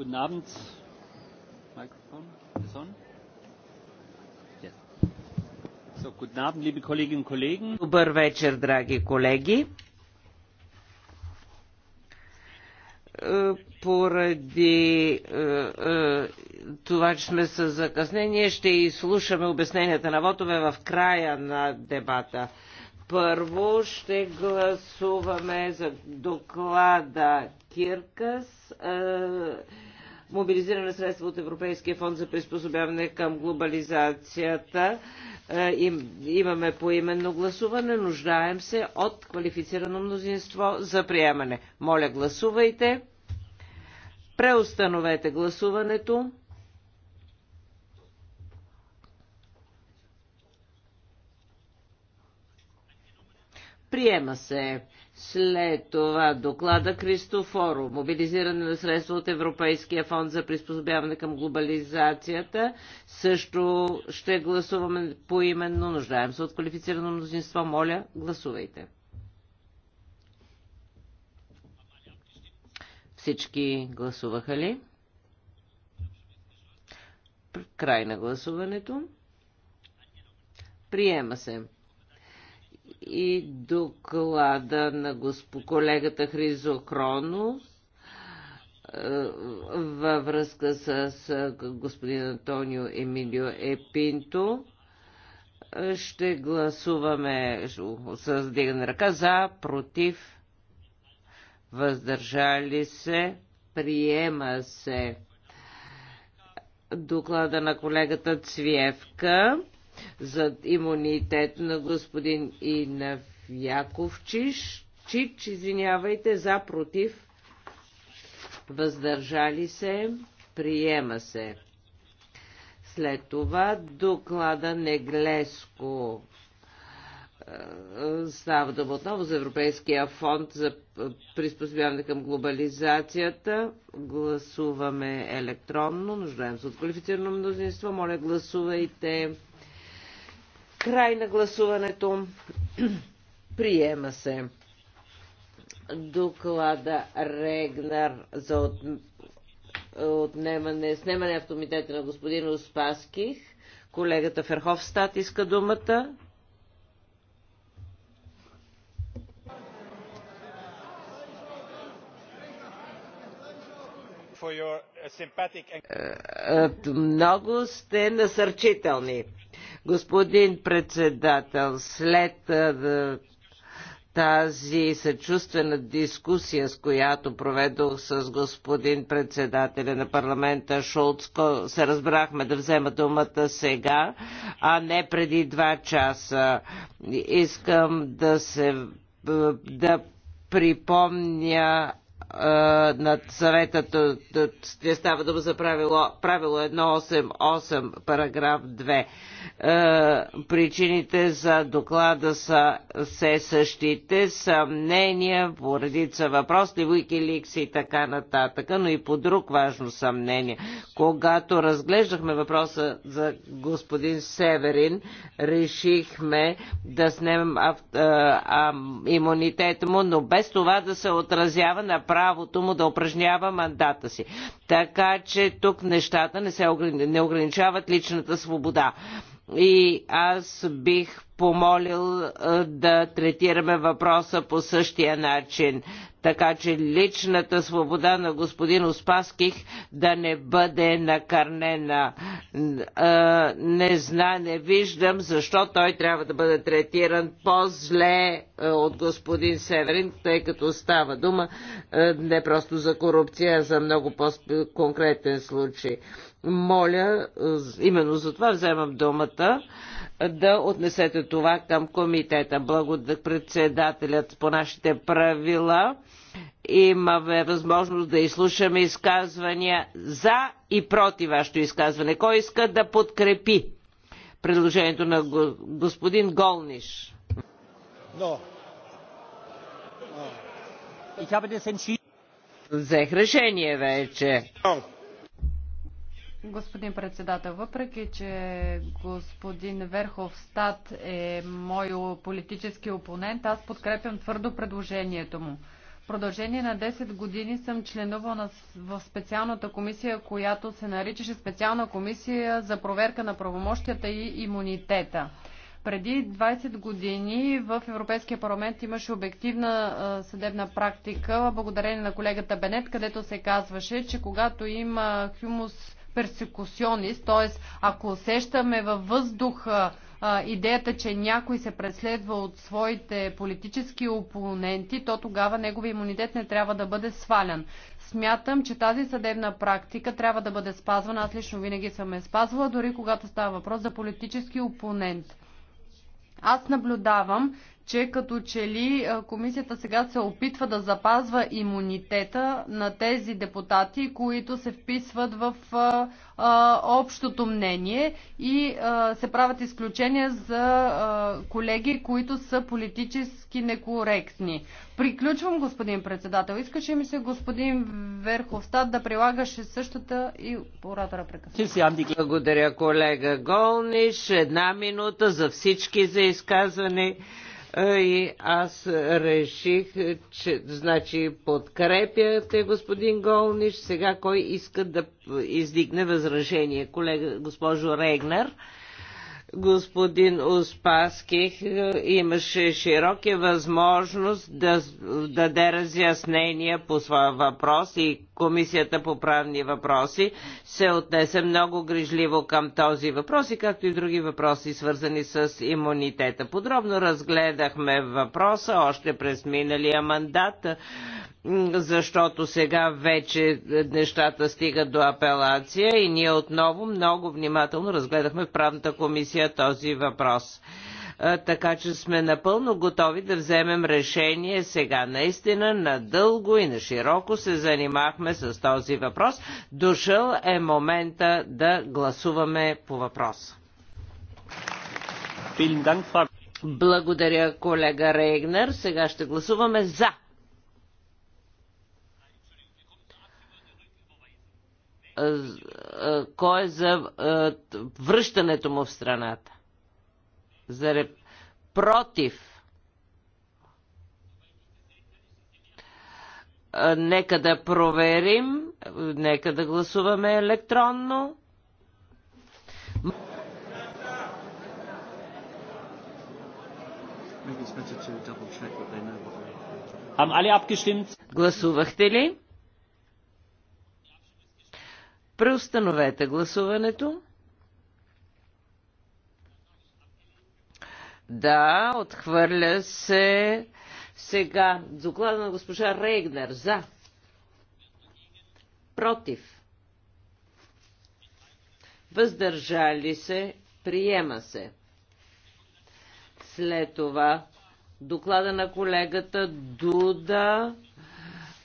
Guten Abend. Mikrofon on. Yes. So, guten Abend, liebe Kolleginnen und Kollegen. Добър вечер, драги колеги. Е, поради е, е, това, че сме с закъснение, ще изслушаме обясненията на вотове в края на дебата. Първо ще гласуваме за доклада Киркас. Е, мобилизиране средства от Европейския фонд за приспособяване към глобализацията. Е, имаме поименно гласуване. Нуждаем се от квалифицирано мнозинство за приемане. Моля, гласувайте. Преустановете гласуването. Приема се. След това доклада Кристофоро. Мобилизиране на средства от Европейския фонд за приспособяване към глобализацията. Също ще гласуваме поименно. Нуждаем се от квалифицирано мнозинство. Моля, гласувайте. Всички гласуваха ли? Край на гласуването. Приема се и доклада на колегата Хризо Кроно е, във връзка с е, господин Антонио Емилио Епинто. Е, ще гласуваме с дигане ръка за, против, въздържали се, приема се доклада на колегата Цвевка за имунитет на господин Инаф Чич, извинявайте, за против, въздържали се, приема се. След това доклада Неглеско. Става дума отново за Европейския фонд за приспособяване към глобализацията. Гласуваме електронно. Нуждаем се от квалифицирано мнозинство. Моля, гласувайте. Край на гласуването. Приема се. Доклада Регнар за от... отнемане, снемане автомитета на господин Успаских. Колегата Ферховстат иска думата. Uh, е, е, много сте насърчителни. Господин председател, след е, тази съчувствена дискусия, с която проведох с господин председателя на парламента Шулц, се разбрахме да взема думата сега, а не преди два часа. Искам да се да припомня на съвета, не става дума за правило, правило 188, параграф 2. Причините за доклада са все същите, съмнения, поредица въпроси, Wikileaks и така нататък, но и по друг важно съмнение. Когато разглеждахме въпроса за господин Северин, решихме да снемем имунитет му, но без това да се отразява на правото му да упражнява мандата си. Така че тук нещата не, се, не ограничават личната свобода. И аз бих помолил е, да третираме въпроса по същия начин. Така че личната свобода на господин Успаских да не бъде накърнена. Е, не зна, не виждам защо той трябва да бъде третиран по-зле е, от господин Северин, тъй като става дума не просто за корупция, а за много по-конкретен случай. Моля, именно за това вземам думата, да отнесете това към комитета. Благодаря председателят по нашите правила. Имаме възможност да изслушаме изказвания за и против вашето изказване. Кой иска да подкрепи предложението на господин Голниш? Но. No. Взех решение вече. Господин председател, въпреки, че господин Верхов Стат е мой политически опонент, аз подкрепям твърдо предложението му. В продължение на 10 години съм членувал в специалната комисия, която се наричаше специална комисия за проверка на правомощията и имунитета. Преди 20 години в Европейския парламент имаше обективна съдебна практика, благодарение на колегата Бенет, където се казваше, че когато има хюмус персекусионист, т.е. ако усещаме във въздуха идеята, че някой се преследва от своите политически опоненти, то тогава негови имунитет не трябва да бъде свалян. Смятам, че тази съдебна практика трябва да бъде спазвана. Аз лично винаги съм е спазвала, дори когато става въпрос за политически опонент. Аз наблюдавам, че като че ли комисията сега се опитва да запазва имунитета на тези депутати, които се вписват в а, а, общото мнение и а, се правят изключения за а, колеги, които са политически некоректни. Приключвам, господин председател. Искаше ми се господин Верховстат да прилагаше същата и оратора прекъсва. Благодаря, колега Голниш. Една минута за всички за изказване и аз реших, че значи подкрепяте господин Голниш, сега кой иска да издигне възражение? Колега, госпожо Регнер господин Успаских е, имаше широки възможност да даде разяснения по своя въпрос и Комисията по правни въпроси се отнесе много грижливо към този въпрос и както и други въпроси, свързани с имунитета. Подробно разгледахме въпроса още през миналия мандат защото сега вече нещата стигат до апелация и ние отново много внимателно разгледахме в правната комисия този въпрос така че сме напълно готови да вземем решение сега. Наистина надълго и на широко се занимахме с този въпрос. Дошъл е момента да гласуваме по въпрос. Благодаря, колега Рейгнер. Сега ще гласуваме за кой е за връщането му в страната. За реп... Против. Нека да проверим. Нека да гласуваме електронно. Гласувахте ли? Преустановете гласуването. Да, отхвърля се. Сега, доклада на госпожа Рейгнер. За. Против. Въздържали се. Приема се. След това, доклада на колегата Дуда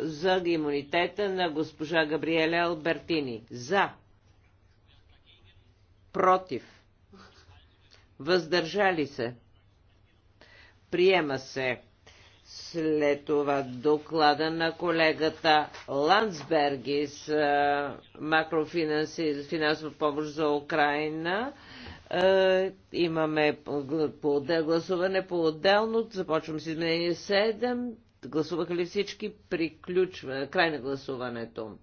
за имунитета на госпожа Габриеля Албертини. За. Против. Въздържали се. Приема се. След това доклада на колегата Ландсберги с макрофинансова помощ за Украина. Имаме по гласуване по-отделно. Започвам с изменение 7. Гласуваха ли всички? Приключва. Край на гласуването.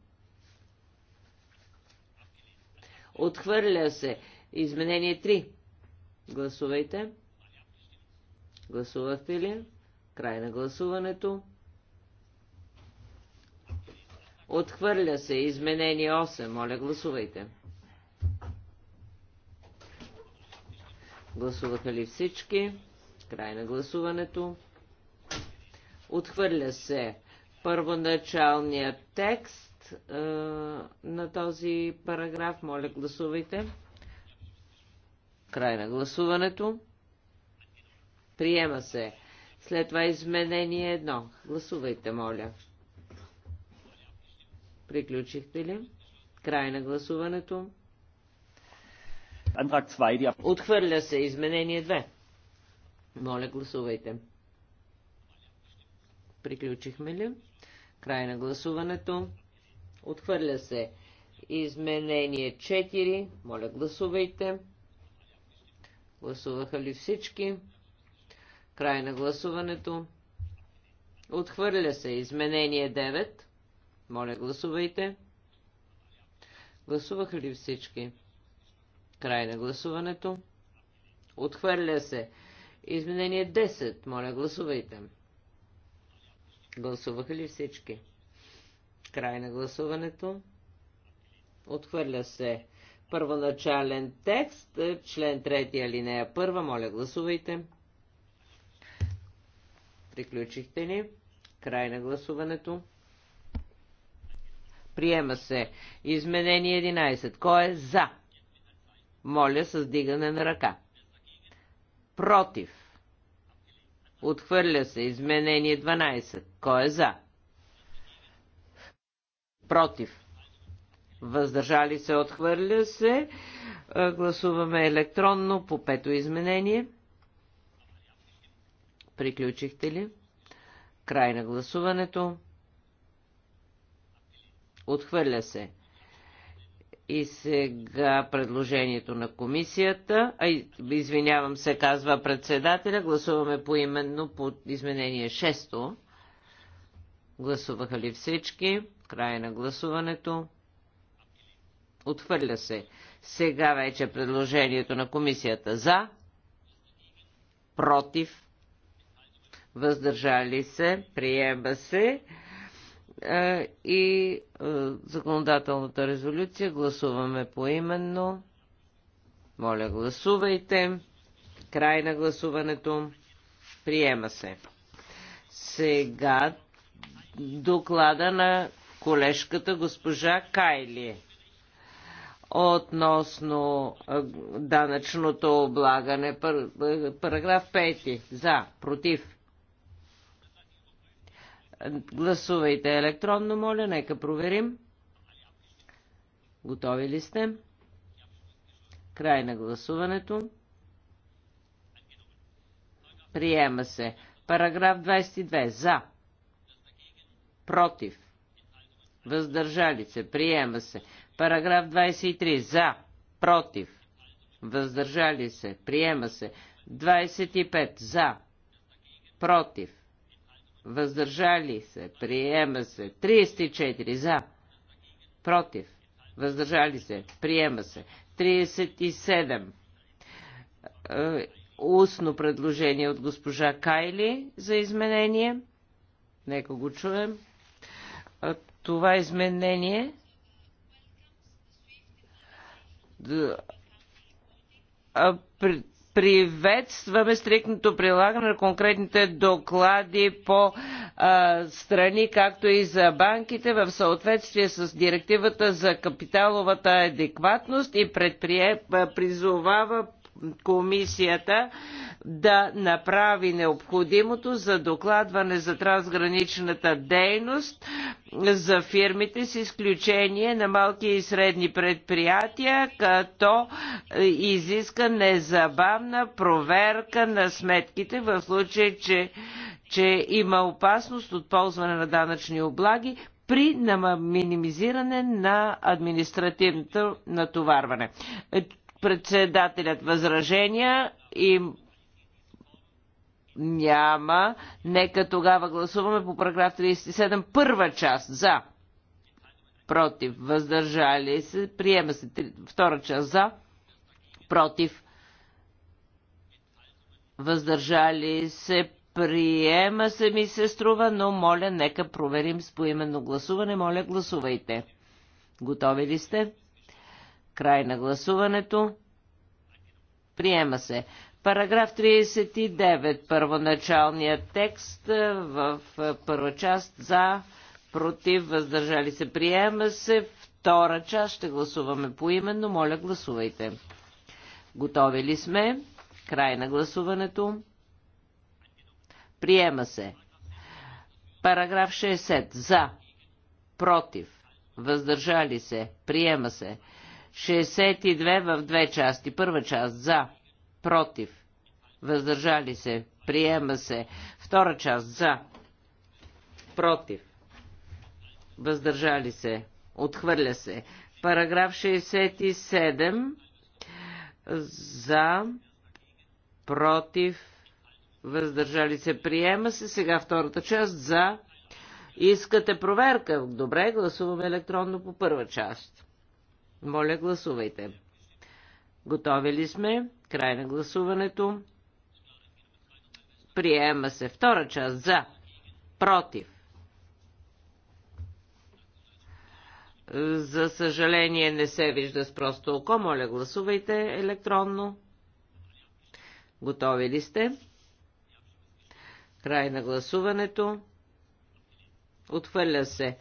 Отхвърля се. Изменение 3. Гласувайте. Гласувахте ли? Край на гласуването. Отхвърля се. Изменение 8. Моля, гласувайте. Гласуваха ли всички? Край на гласуването. Отхвърля се първоначалният текст е, на този параграф. Моля, гласувайте. Край на гласуването. Приема се. След това изменение едно. Гласувайте, моля. Приключихте ли? Край на гласуването. Отхвърля се изменение 2. Моля, гласувайте. Приключихме ли? Край на гласуването. Отхвърля се. Изменение 4. Моля, гласувайте. Гласуваха ли всички? Край на гласуването. Отхвърля се. Изменение 9. Моля, гласувайте. Гласуваха ли всички? Край на гласуването. Отхвърля се. Изменение 10. Моля, гласувайте. Гласуваха ли всички? Край на гласуването. Отхвърля се първоначален текст, е, член 3 алинея 1. Моля, гласувайте. Приключихте ли? Край на гласуването. Приема се. Изменение 11. Кой е за? Моля с дигане на ръка. Против. Отхвърля се. Изменение 12. Кой е за? Против. Въздържали се. Отхвърля се. Гласуваме електронно по пето изменение. Приключихте ли? Край на гласуването. Отхвърля се. И сега предложението на комисията, а, извинявам се, казва председателя, гласуваме по именно по изменение 6. Гласуваха ли всички? Край на гласуването. Отхвърля се. Сега вече предложението на комисията за, против, въздържали се, приема се. Е, и е, законодателната резолюция гласуваме поименно. Моля, гласувайте. Край на гласуването. Приема се. Сега доклада на колежката госпожа Кайли относно е, данъчното облагане. Параграф 5. За. Против. Гласувайте електронно, моля, нека проверим. Готови ли сте? Край на гласуването. Приема се. Параграф 22. За. Против. Въздържали се. Приема се. Параграф 23. За. Против. Въздържали се. Приема се. 25. За. Против въздържали се, приема се, 34 за, против, въздържали се, приема се, 37 е, устно предложение от госпожа Кайли за изменение. Нека го чуем. Е, това изменение приветстваме стриктното прилагане на конкретните доклади по а, страни, както и за банките в съответствие с директивата за капиталовата адекватност и предприе, призовава комисията да направи необходимото за докладване за трансграничната дейност за фирмите с изключение на малки и средни предприятия, като изиска незабавна проверка на сметките в случай, че, че има опасност от ползване на данъчни облаги при минимизиране на административното натоварване. Председателят възражения и няма. Нека тогава гласуваме по параграф 37 първа част за. Против. Въздържали се. Приема се втора част за. Против. Въздържали се. Приема се ми се струва, но моля, нека проверим с поименно гласуване. Моля, гласувайте. Готови ли сте? Край на гласуването. Приема се. Параграф 39. Първоначалният текст е, в е, първа част за, против, въздържали се. Приема се. Втора част ще гласуваме поименно. Моля, гласувайте. Готови ли сме? Край на гласуването. Приема се. Параграф 60. За. Против. Въздържали се. Приема се. 62 в две части. Първа част за, против, въздържали се, приема се. Втора част за, против, въздържали се, отхвърля се. Параграф 67 за, против, въздържали се, приема се. Сега втората част за, искате проверка. Добре, гласуваме електронно по първа част. Моля, гласувайте. Готови ли сме? Край на гласуването. Приема се втора част за. Против. За съжаление не се вижда с просто око. Моля, гласувайте електронно. Готови ли сте? Край на гласуването. Отхвърля се.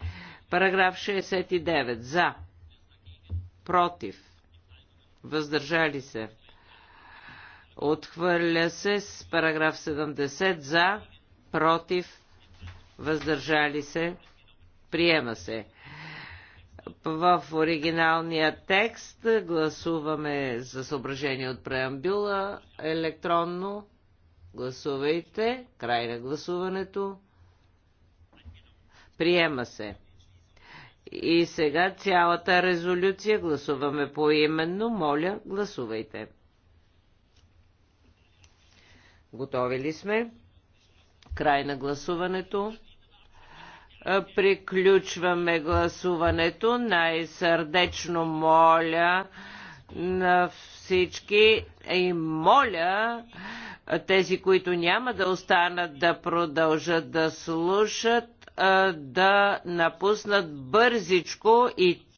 Параграф 69. За против, въздържали се. Отхвърля се с параграф 70 за, против, въздържали се, приема се. В оригиналния текст гласуваме за съображение от преамбюла електронно. Гласувайте. Край на гласуването. Приема се. И сега цялата резолюция гласуваме поименно. Моля, гласувайте. Готови ли сме? Край на гласуването. Приключваме гласуването. Най-сърдечно моля на всички и моля тези, които няма да останат да продължат да слушат да напуснат бързичко и